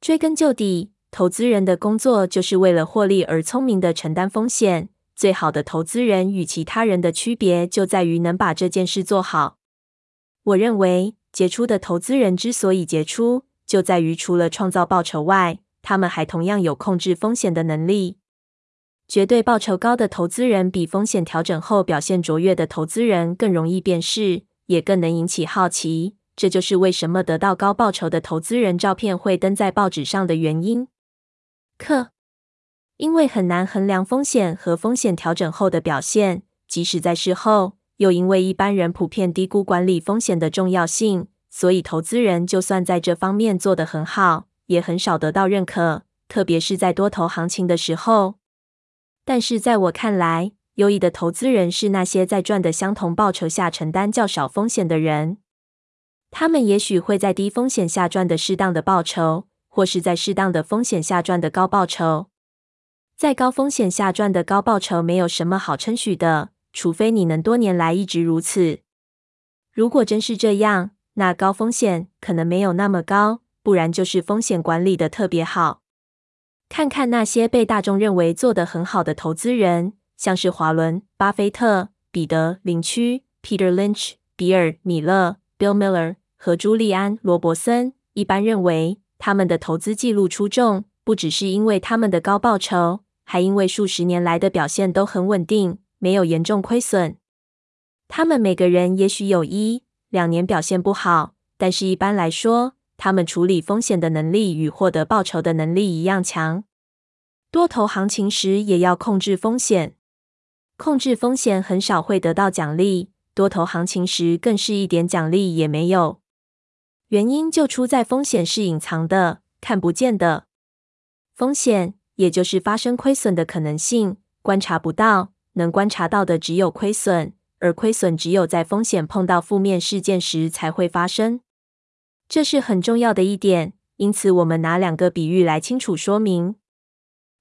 追根究底，投資人的工作就是為了獲利而聰明地承擔風險。最好的投資人與其他人的區別就在於能把這件事做好。我認為，傑出的投資人之所以傑出，就在於除了創造報酬外，他們還同樣有控制風險的能力。絕對報酬高的投資人比風險調整後表現卓越的投資人更容易辨識，也更能引起好奇。這就是為什麼得到高報酬的投資人照片會登在報紙上的原因。可，因為很難衡量風險和風險調整後的表現，即使在事後，又因為一般人普遍低估管理風險的重要性，所以投資人就算在這方面做得很好，也很少得到認可，特別是在多頭行情的時候。但是，在我看來，優異的投資人是那些在賺的相同報酬下承擔較少風險的人。他們也許會在低風險下賺的適當的報酬，或是在適當的風險下賺的高報酬。在高風險下賺的高報酬沒有什麼好稱許的，除非你能多年來一直如此。如果真是這樣，那高風險可能沒有那麼高，不然就是風險管理的特別好。看看那些被大眾認為做得很好的投資人，像是華倫巴菲特、彼得林區 （Peter Lynch）、比爾米勒 （Bill Miller）。和朱利安·羅伯森一般認為，他們的投資記錄出眾，不只是因為他們的高報酬，還因為數十年來的表現都很穩定，沒有嚴重虧損。他們每個人也許有一兩年表現不好，但是一般來說，他們處理風險的能力與獲得報酬的能力一樣強。多頭行情時也要控制風險，控制風險很少會得到獎勵，多頭行情時更是一點獎勵也沒有。原因就出在風險是隱藏的、看不見的。風險，也就是發生虧損的可能性，觀察不到。能觀察到的只有虧損，而虧損只有在風險碰到負面事件時才會發生。這是很重要的一點。因此，我們拿兩個比喻來清楚說明：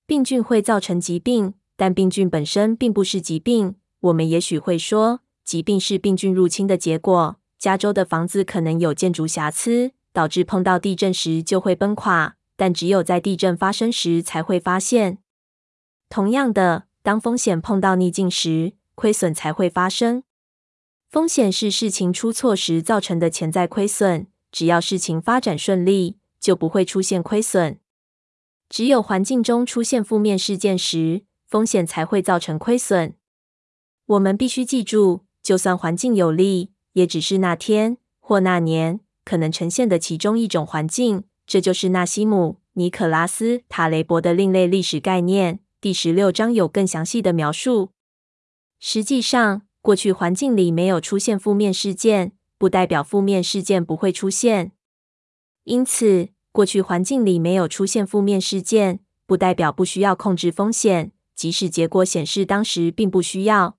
病菌會造成疾病，但病菌本身並不是疾病。我們也許會說，疾病是病菌入侵的結果。加州的房子可能有建築瑕疵，導致碰到地震時就會崩垮，但只有在地震發生時才會發現。同樣的，當風險碰到逆境時，虧損才會發生。風險是事情出錯時造成的潛在虧損，只要事情發展順利，就不會出現虧損。只有環境中出現負面事件時，風險才會造成虧損。我們必須記住，就算環境有利，也只是那天或那年可能呈現的其中一種環境，這就是納西姆·尼可拉斯·塔雷伯的另類歷史概念。第十六章有更詳細的描述。實際上，過去環境裡沒有出現負面事件，不代表負面事件不會出現。因此，過去環境裡沒有出現負面事件，不代表不需要控制風險，即使結果顯示當時並不需要。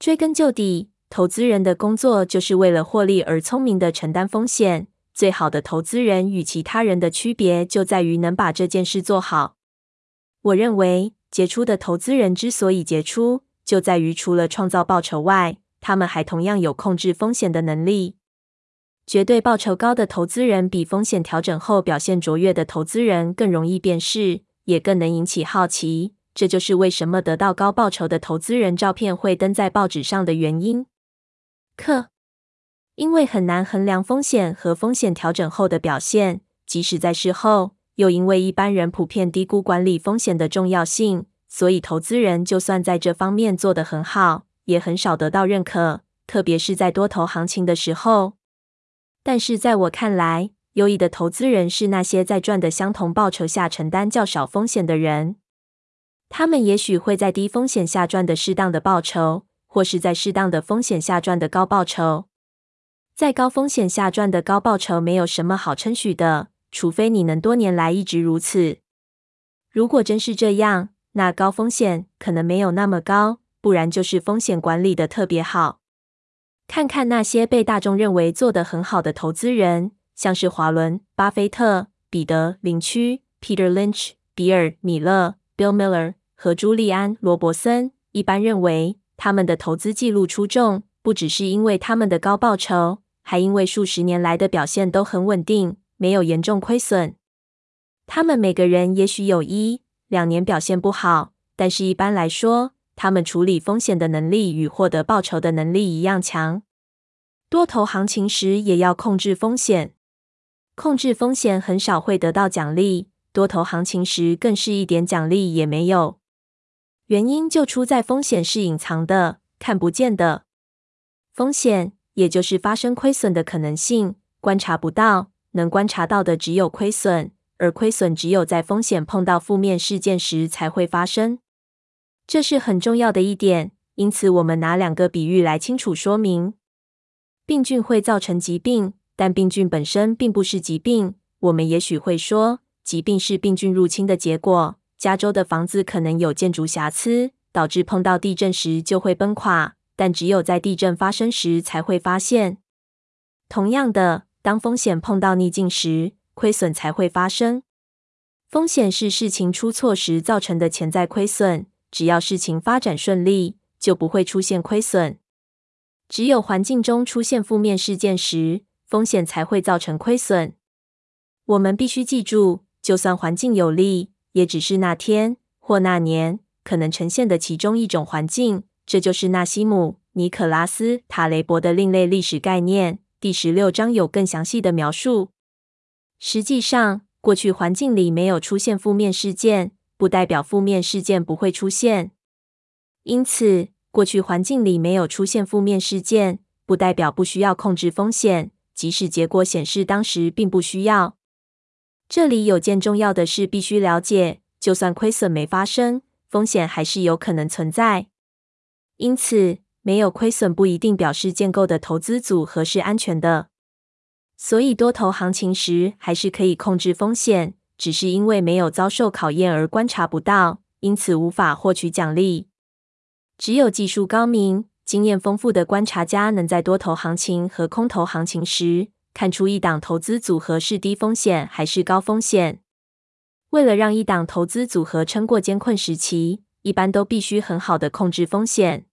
追根究底。投資人的工作就是為了獲利而聰明地承擔風險。最好的投資人與其他人的區別就在於能把這件事做好。我認為傑出的投資人之所以傑出，就在於除了創造報酬外，他們還同樣有控制風險的能力。絕對報酬高的投資人比風險調整後表現卓越的投資人更容易辨識，也更能引起好奇。這就是為什麼得到高報酬的投資人照片會登在報紙上的原因。克，因為很難衡量風險和風險調整後的表現，即使在事後，又因為一般人普遍低估管理風險的重要性，所以投資人就算在這方面做得很好，也很少得到認可，特別是在多頭行情的時候。但是在我看來，優異的投資人是那些在賺的相同報酬下承擔較少風險的人，他們也許會在低風險下賺得適當的報酬。或是在適當的風險下賺的高報酬，在高風險下賺的高報酬沒有什麼好稱許的，除非你能多年來一直如此。如果真是這樣，那高風險可能沒有那麼高，不然就是風險管理得特別好。看看那些被大眾認為做得很好的投資人，像是華倫、巴菲特、彼得·林區 （Peter Lynch）、比爾·米勒 （Bill Miller） 和朱利安·羅伯森，一般認為。他們的投資記錄出眾，不只是因為他們的高報酬，還因為數十年來的表現都很穩定，沒有嚴重虧損。他們每個人也許有一兩年表現不好，但是一般來說，他們處理風險的能力與獲得報酬的能力一樣強。多頭行情時也要控制風險，控制風險很少會得到獎勵，多頭行情時更是一點獎勵也沒有。原因就出在風險是隱藏的，看不見的。風險也就是發生虧損的可能性，觀察不到，能觀察到的只有虧損，而虧損只有在風險碰到負面事件時才會發生。這是很重要的一點，因此，我們拿兩個比喻來清楚說明。病菌會造成疾病，但病菌本身並不是疾病，我們也許會說，疾病是病菌入侵的結果。加州的房子可能有建築瑕疵，導致碰到地震時就會崩垮，但只有在地震發生時才會發現。同樣的，當風險碰到逆境時，虧損才會發生。風險是事情出錯時造成的潛在虧損，只要事情發展順利，就不會出現虧損。只有環境中出現負面事件時，風險才會造成虧損。我們必須記住，就算環境有利，也只是那天或那年可能呈現的其中一種環境，這就是納西姆·尼可拉斯·塔雷伯的另類歷史概念，第十六章有更詳細的描述。實際上，過去環境裡沒有出現負面事件，不代表負面事件不會出現。因此，過去環境裡沒有出現負面事件，不代表不需要控制風險，即使結果顯示當時並不需要。這裡有件重要的事必須了解：就算虧損沒發生，風險還是有可能存在。因此，沒有虧損不一定表示建構的投資組合是安全的。所以，多頭行情時還是可以控制風險，只是因為沒有遭受考驗而觀察不到，因此無法獲取獎勵。只有技術高明、經驗豐富的觀察家能在多頭行情和空頭行情時，看出一檔投資組合是低風險還是高風險？為了讓一檔投資組合撐過艱困時期，一般都必須很好地控制風險。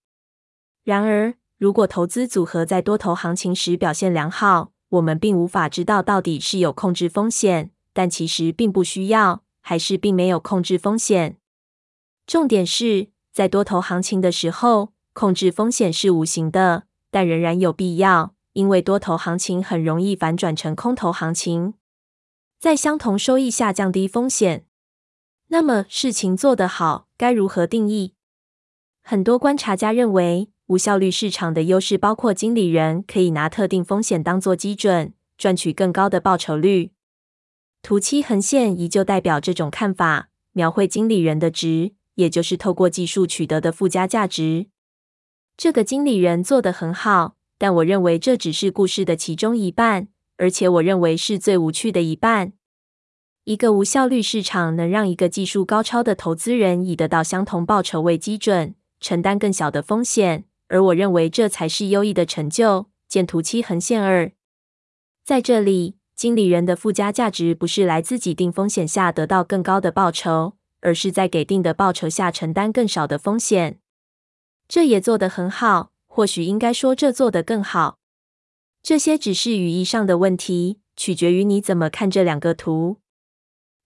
然而，如果投資組合在多頭行情時表現良好，我們並無法知道到底是有控制風險，但其實並不需要，還是並沒有控制風險。重點是在多頭行情的時候，控制風險是無形的，但仍然有必要。因為多頭行情很容易反轉成空頭行情，在相同收益下降低風險。那麼事情做得好該如何定義？很多觀察家認為，無效率市場的優勢包括經理人可以拿特定風險當做基準，賺取更高的報酬率。圖七橫線依舊代表這種看法，描繪經理人的值，也就是透過技術取得的附加價值。這個經理人做得很好。但我認為這只是故事的其中一半，而且我認為是最無趣的一半。一個無效率市場能讓一個技術高超的投資人以得到相同報酬為基準，承擔更小的風險，而我認為這才是優異的成就。見圖七橫線二，在這裡，經理人的附加價值不是來自己定自給定風險下得到更高的報酬，而是在給定的報酬下承擔更少的風險。這也做得很好。或許應該說，這做得更好。這些只是語義上的問題，取決於你怎麼看這兩個圖。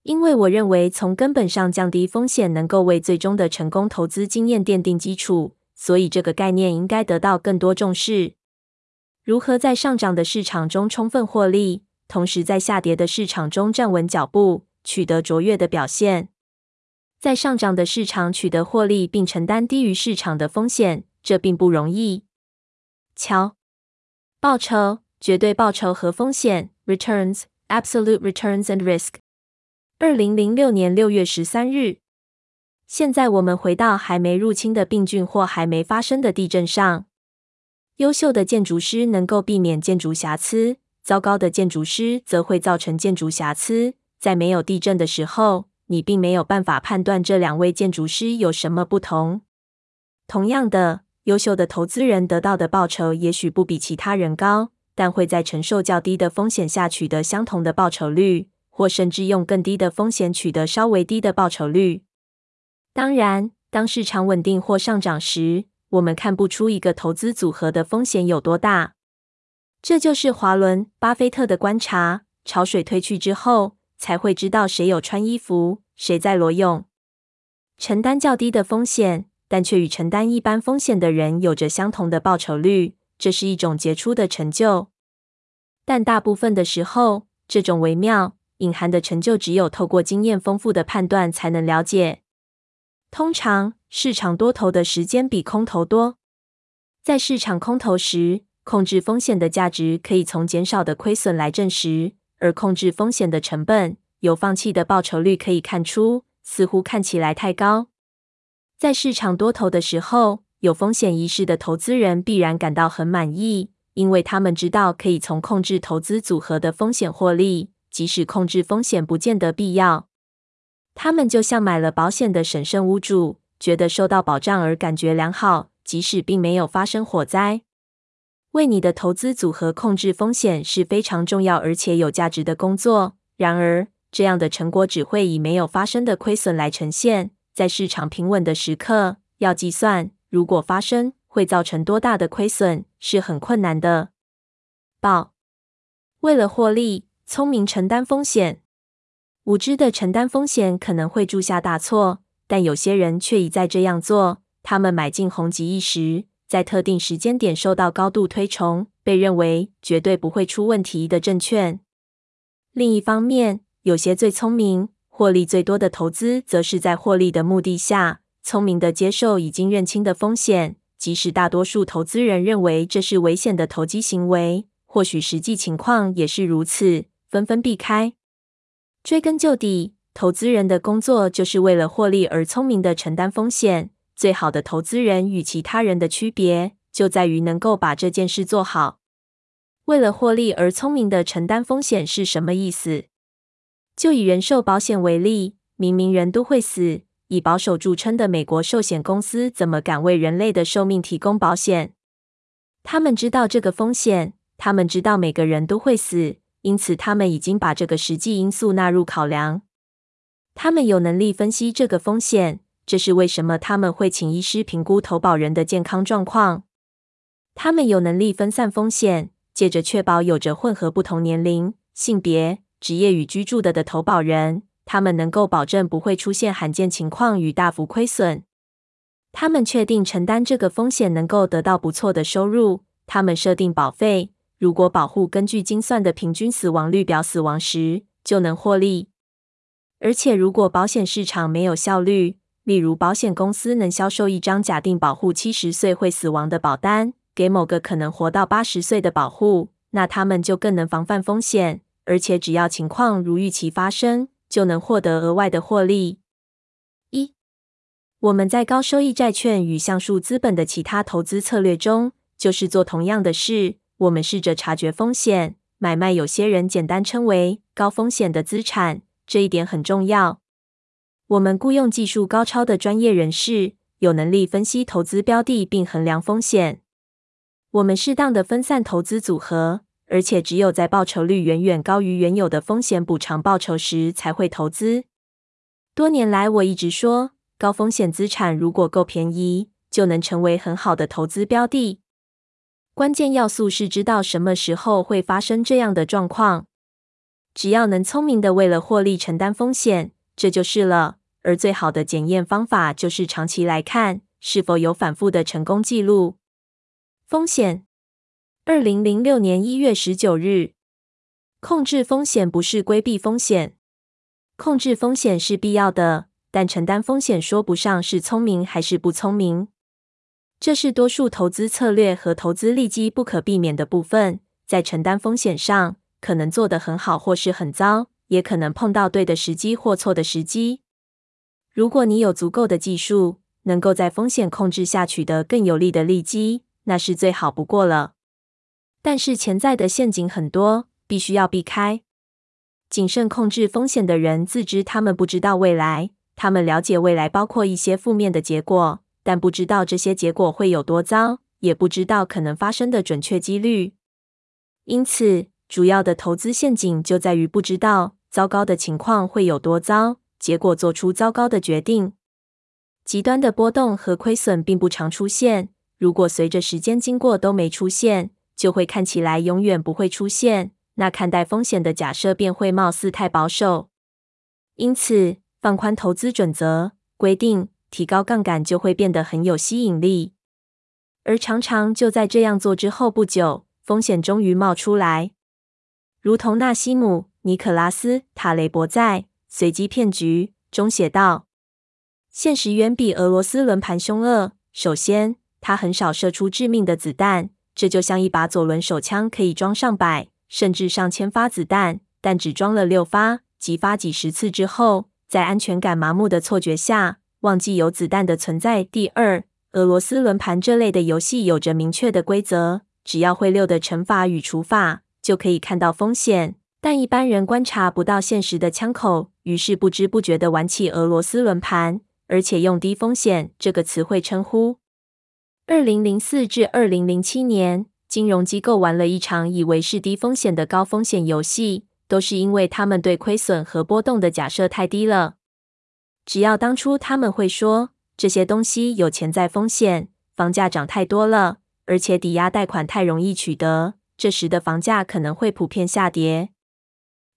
因為我認為，從根本上降低風險，能夠為最終的成功投資經驗奠定基礎，所以這個概念應該得到更多重視。如何在上漲的市場中充分獲利，同時在下跌的市場中站穩腳步，取得卓越的表現？在上漲的市場取得獲利，並承擔低於市場的風險。這並不容易。瞧，報酬、絕對報酬和風險 （returns, absolute returns and risk）。二零零六年六月十三日。現在我們回到還沒入侵的病菌或還沒發生的地震上。優秀的建築師能夠避免建築瑕疵，糟糕的建築師則會造成建築瑕疵。在沒有地震的時候，你並沒有辦法判斷這兩位建築師有什麼不同。同樣的。優秀的投資人得到的報酬也許不比其他人高，但會在承受較低的風險下取得相同的報酬率，或甚至用更低的風險取得稍微低的報酬率。當然，當市場穩定或上漲時，我們看不出一個投資組合的風險有多大。這就是華倫巴菲特的觀察：潮水退去之後，才會知道誰有穿衣服，誰在裸泳。承擔較低的風險。但卻與承擔一般風險的人有着相同的報酬率，這是一種傑出的成就。但大部分的時候，這種微妙隱含的成就只有透過經驗豐富的判斷才能了解。通常，市場多頭的時間比空頭多。在市場空頭時，控制風險的價值可以從減少的虧損來證實，而控制風險的成本有放棄的報酬率可以看出，似乎看起來太高。在市場多頭的時候，有風險意識的投資人必然感到很滿意，因為他們知道可以從控制投資組合的風險獲利，即使控制風險不見得必要。他們就像買了保險的審慎屋主，覺得受到保障而感覺良好，即使並沒有發生火災。為你的投資組合控制風險是非常重要而且有價值的工作，然而，這樣的成果只會以沒有發生的虧損來呈現。在市場平穩的時刻，要計算如果發生會造成多大的虧損是很困難的。報，為了獲利，聰明承擔風險，無知的承擔風險可能會鑄下大錯。但有些人卻一再這樣做，他們買進紅極一時，在特定時間點受到高度推崇，被認為絕對不會出問題的證券。另一方面，有些最聰明。獲利最多的投資，則是在獲利的目的下，聰明的接受已經認清的風險，即使大多數投資人認為這是危險的投機行為，或許實際情況也是如此，紛紛避開。追根究底，投資人的工作就是為了獲利而聰明的承擔風險。最好的投資人與其他人的區別，就在於能夠把這件事做好。為了獲利而聰明的承擔風險是什麼意思？就以人壽保險為例，明明人都會死，以保守著稱的美國壽險公司怎麼敢為人類的壽命提供保險？他們知道這個風險，他們知道每個人都會死，因此他們已經把這個實際因素納入考量。他們有能力分析這個風險，這是為什麼他們會請醫師評估投保人的健康狀況。他們有能力分散風險，借着確保有着混合不同年齡、性別。職業與居住地的投保人，他們能夠保證不會出現罕見情況與大幅虧損。他們確定承擔這個風險能夠得到不錯的收入。他們設定保費，如果保戶根據精算的平均死亡率表死亡時，就能獲利。而且，如果保險市場沒有效率，例如保險公司能銷售一張假定保戶七十歲會死亡的保單給某個可能活到八十歲的保戶，那他們就更能防範風險。而且，只要情況如預期發生，就能獲得額外的獲利。一，我們在高收益債券與橡樹資本的其他投資策略中，就是做同樣的事。我們試着察覺風險，買賣有些人簡單稱為高風險的資產。這一點很重要。我們雇用技術高超的專業人士，有能力分析投資標的並衡量風險。我們適當的分散投資組合。而且只有在報酬率遠遠高於原有的風險補償報酬時，才會投資。多年來，我一直說，高風險資產如果夠便宜，就能成為很好的投資標的。關鍵要素是知道什麼時候會發生這樣的狀況。只要能聰明地為了獲利承擔風險，這就是了。而最好的檢驗方法就是長期來看是否有反復的成功記錄。風險。二零零六年一月十九日，控制風險不是規避風險。控制風險是必要的，但承擔風險說不上是聰明還是不聰明。這是多數投資策略和投資利基不可避免的部分。在承擔風險上，可能做得很好或是很糟，也可能碰到對的時機或錯的時機。如果你有足夠的技術，能夠在風險控制下取得更有利的利基，那是最好不過了。但是潛在的陷阱很多，必須要避開。謹慎控制風險的人自知他們不知道未來，他們了解未來包括一些負面的結果，但不知道這些結果會有多糟，也不知道可能發生的準確幾率。因此，主要的投資陷阱就在於不知道糟糕的情況會有多糟，結果做出糟糕的決定。極端的波動和虧損並不常出現，如果隨着時間經過都沒出現。就會看起來永遠不會出現，那看待風險的假設便會貌似太保守。因此，放寬投資準則規定，提高槓桿就會變得很有吸引力，而常常就在這樣做之後不久，風險終於冒出來。如同納西姆·尼可拉斯·塔雷伯在《隨機騙局》中寫道：“現實遠比俄羅斯輪盤凶惡。首先，他很少射出致命的子彈。”這就像一把左輪手槍可以裝上百甚至上千發子彈，但只裝了六發，幾發幾十次之後，在安全感麻木的錯覺下，忘記有子彈的存在。第二，俄羅斯輪盤這類的遊戲有着明確的規則，只要會六的乘法與除法，就可以看到風險。但一般人觀察不到現實的槍口，於是不知不覺地玩起俄羅斯輪盤，而且用低風險這個詞彙稱呼。二零零四至二零零七年，金融機構玩了一場以為是低風險的高風險遊戲，都是因為他們對虧損和波動的假設太低了。只要當初他們會說這些東西有潛在風險，房價漲太多了，而且抵押貸款太容易取得，這時的房價可能會普遍下跌。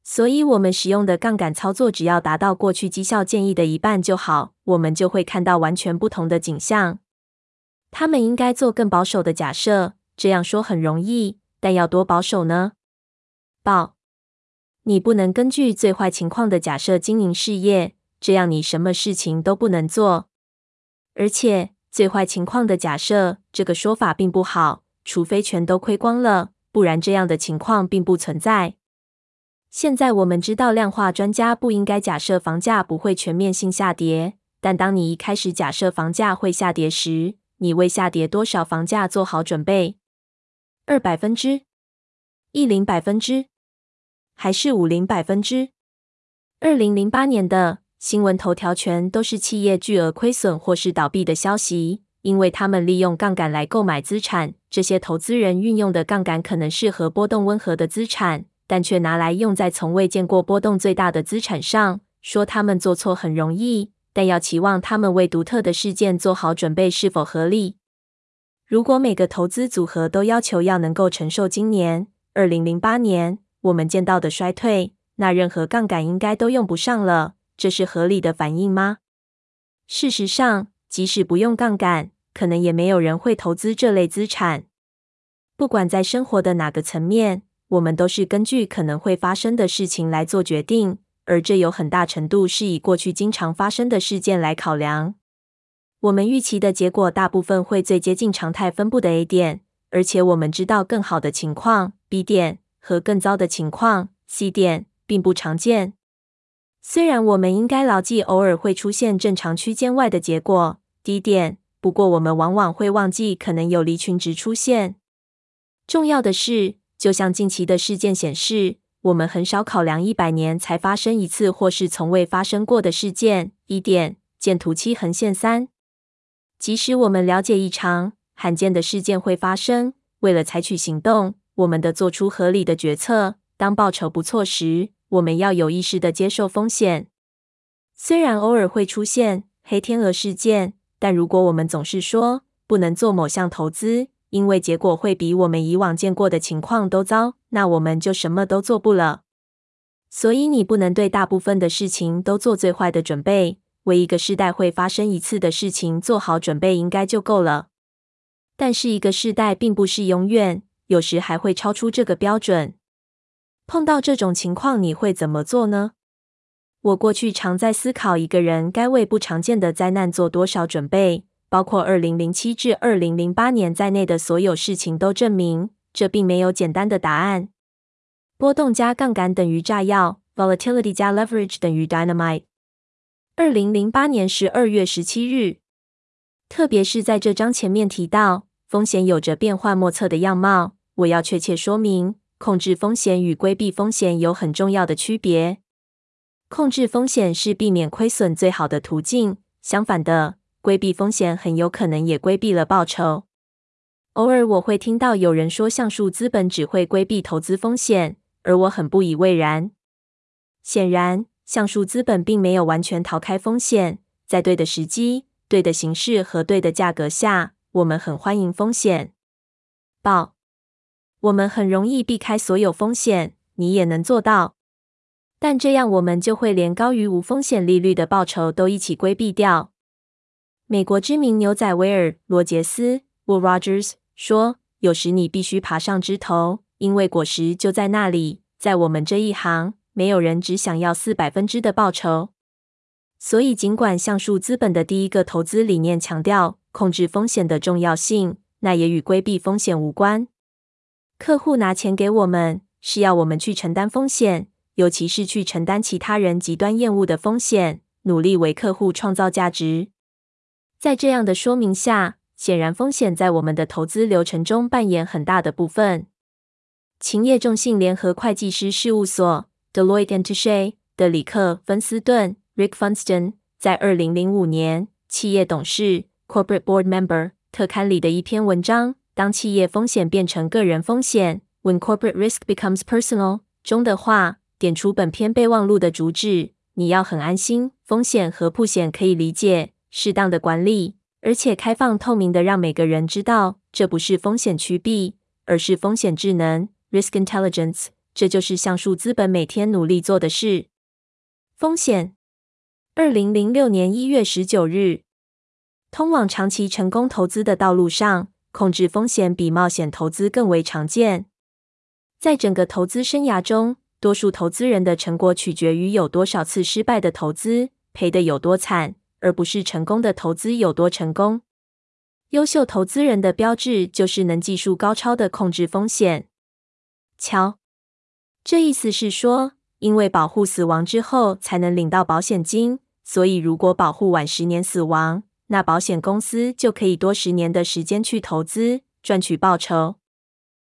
所以，我們使用的槓桿操作只要達到過去績效建議的一半就好，我們就會看到完全不同的景象。他們應該做更保守的假設，這樣說很容易，但要多保守呢？保，你不能根據最壞情況的假設經營事業，這樣你什麼事情都不能做。而且，最壞情況的假設，這個說法並不好，除非全都虧光了，不然這樣的情況並不存在。現在我們知道，量化專家不應該假設房價不會全面性下跌，但當你一開始假設房價會下跌時，你為下跌多少房價做好準備？20%？10%？還是50%？二零零八年的新聞頭條全都是企業巨額虧損或是倒閉的消息，因為他們利用槓桿來購買資產。這些投資人運用的槓桿可能適合波動溫和的資產，但卻拿來用在從未見過波動最大的資產上。說他們做錯很容易。但要期望他們為獨特的事件做好準備是否合理？如果每個投資組合都要求要能夠承受今年二零零八年我們見到的衰退，那任何槓桿應該都用不上了。這是合理的反應嗎？事實上，即使不用槓桿，可能也沒有人會投資這類資產。不管在生活的哪個層面，我們都是根據可能會發生的事情來做決定。而這有很大程度是以過去經常發生的事件來考量。我們預期的結果大部分會最接近常態分布的 A 點，而且我們知道更好的情況 B 點和更糟的情況 C 點並不常見。雖然我們應該牢記偶爾會出現正常區間外的結果 D 點，不過我們往往會忘記可能有離群值出現。重要的是，就像近期的事件顯示。我們很少考量一百年才發生一次，或是從未發生過的事件。一點，見圖七橫線三。即使我們了解異常罕見的事件會發生，為了採取行動，我們得做出合理的決策。當報酬不錯時，我們要有意識地接受風險。雖然偶爾會出現黑天鵝事件，但如果我們總是說不能做某項投資，因為結果會比我們以往見過的情況都糟，那我們就什麼都做不了。所以你不能對大部分的事情都做最壞的準備，為一個世代會發生一次的事情做好準備應該就夠了。但是一個世代並不是永遠，有時還會超出這個標準。碰到這種情況你會怎麼做呢？我過去常在思考一個人該為不常見的災難做多少準備。包括二零零七至二零零八年在內的所有事情都證明，這並沒有簡單的答案。波動加槓桿等於炸藥，volatility 加 leverage 等於 dynamite。二零零八年十二月十七日，特別是在這章前面提到，風險有着變幻莫測的樣貌。我要確切說明，控制風險與規避風險有很重要的區別。控制風險是避免虧損最好的途徑。相反的，規避風險很有可能也規避了報酬。偶爾我會聽到有人說，橡樹資本只會規避投資風險，而我很不以為然。顯然，橡樹資本並沒有完全逃開風險。在對的時機、對的形式和對的價格下，我們很歡迎風險。報，我們很容易避開所有風險，你也能做到。但這樣我們就會連高於無風險利率的報酬都一起規避掉。美國知名牛仔威爾羅傑斯 （Will Rogers） 說：“有時你必須爬上枝頭，因為果實就在那裡。”在我們這一行，沒有人只想要百分之四的報酬。所以，儘管橡樹資本的第一個投資理念強調控制風險的重要性，那也與規避風險無關。客戶拿錢給我們，是要我們去承擔風險，尤其是去承擔其他人極端厭惡的風險，努力為客戶創造價值。在這樣的說明下，顯然風險在我們的投資流程中扮演很大的部分。勤業眾信聯合會計師事務所 （Deloitte e h t e r p 的里克·芬斯頓 （Rick Funston） 在二零零五年《企業董事 （Corporate Board Member） 特刊》裡的一篇文章《當企業風險變成個人風險 （When Corporate Risk Becomes Personal）》中的話，點出本篇備忘錄的主旨：你要很安心，風險和破險可以理解。適當的管理，而且開放透明的，讓每個人知道，這不是風險趨避，而是風險智能 （Risk Intelligence）。這就是橡樹資本每天努力做的事。風險。二零零六年一月十九日，通往長期成功投資的道路上，控制風險比冒險投資更為常見。在整個投資生涯中，多數投資人的成果取決於有多少次失敗的投資，賠得有多慘。而不是成功的投資有多成功，優秀投資人的標誌就是能技術高超的控制風險。瞧，這意思是說，因為保戶死亡之後才能領到保險金，所以如果保戶晚十年死亡，那保險公司就可以多十年的時間去投資，賺取報酬。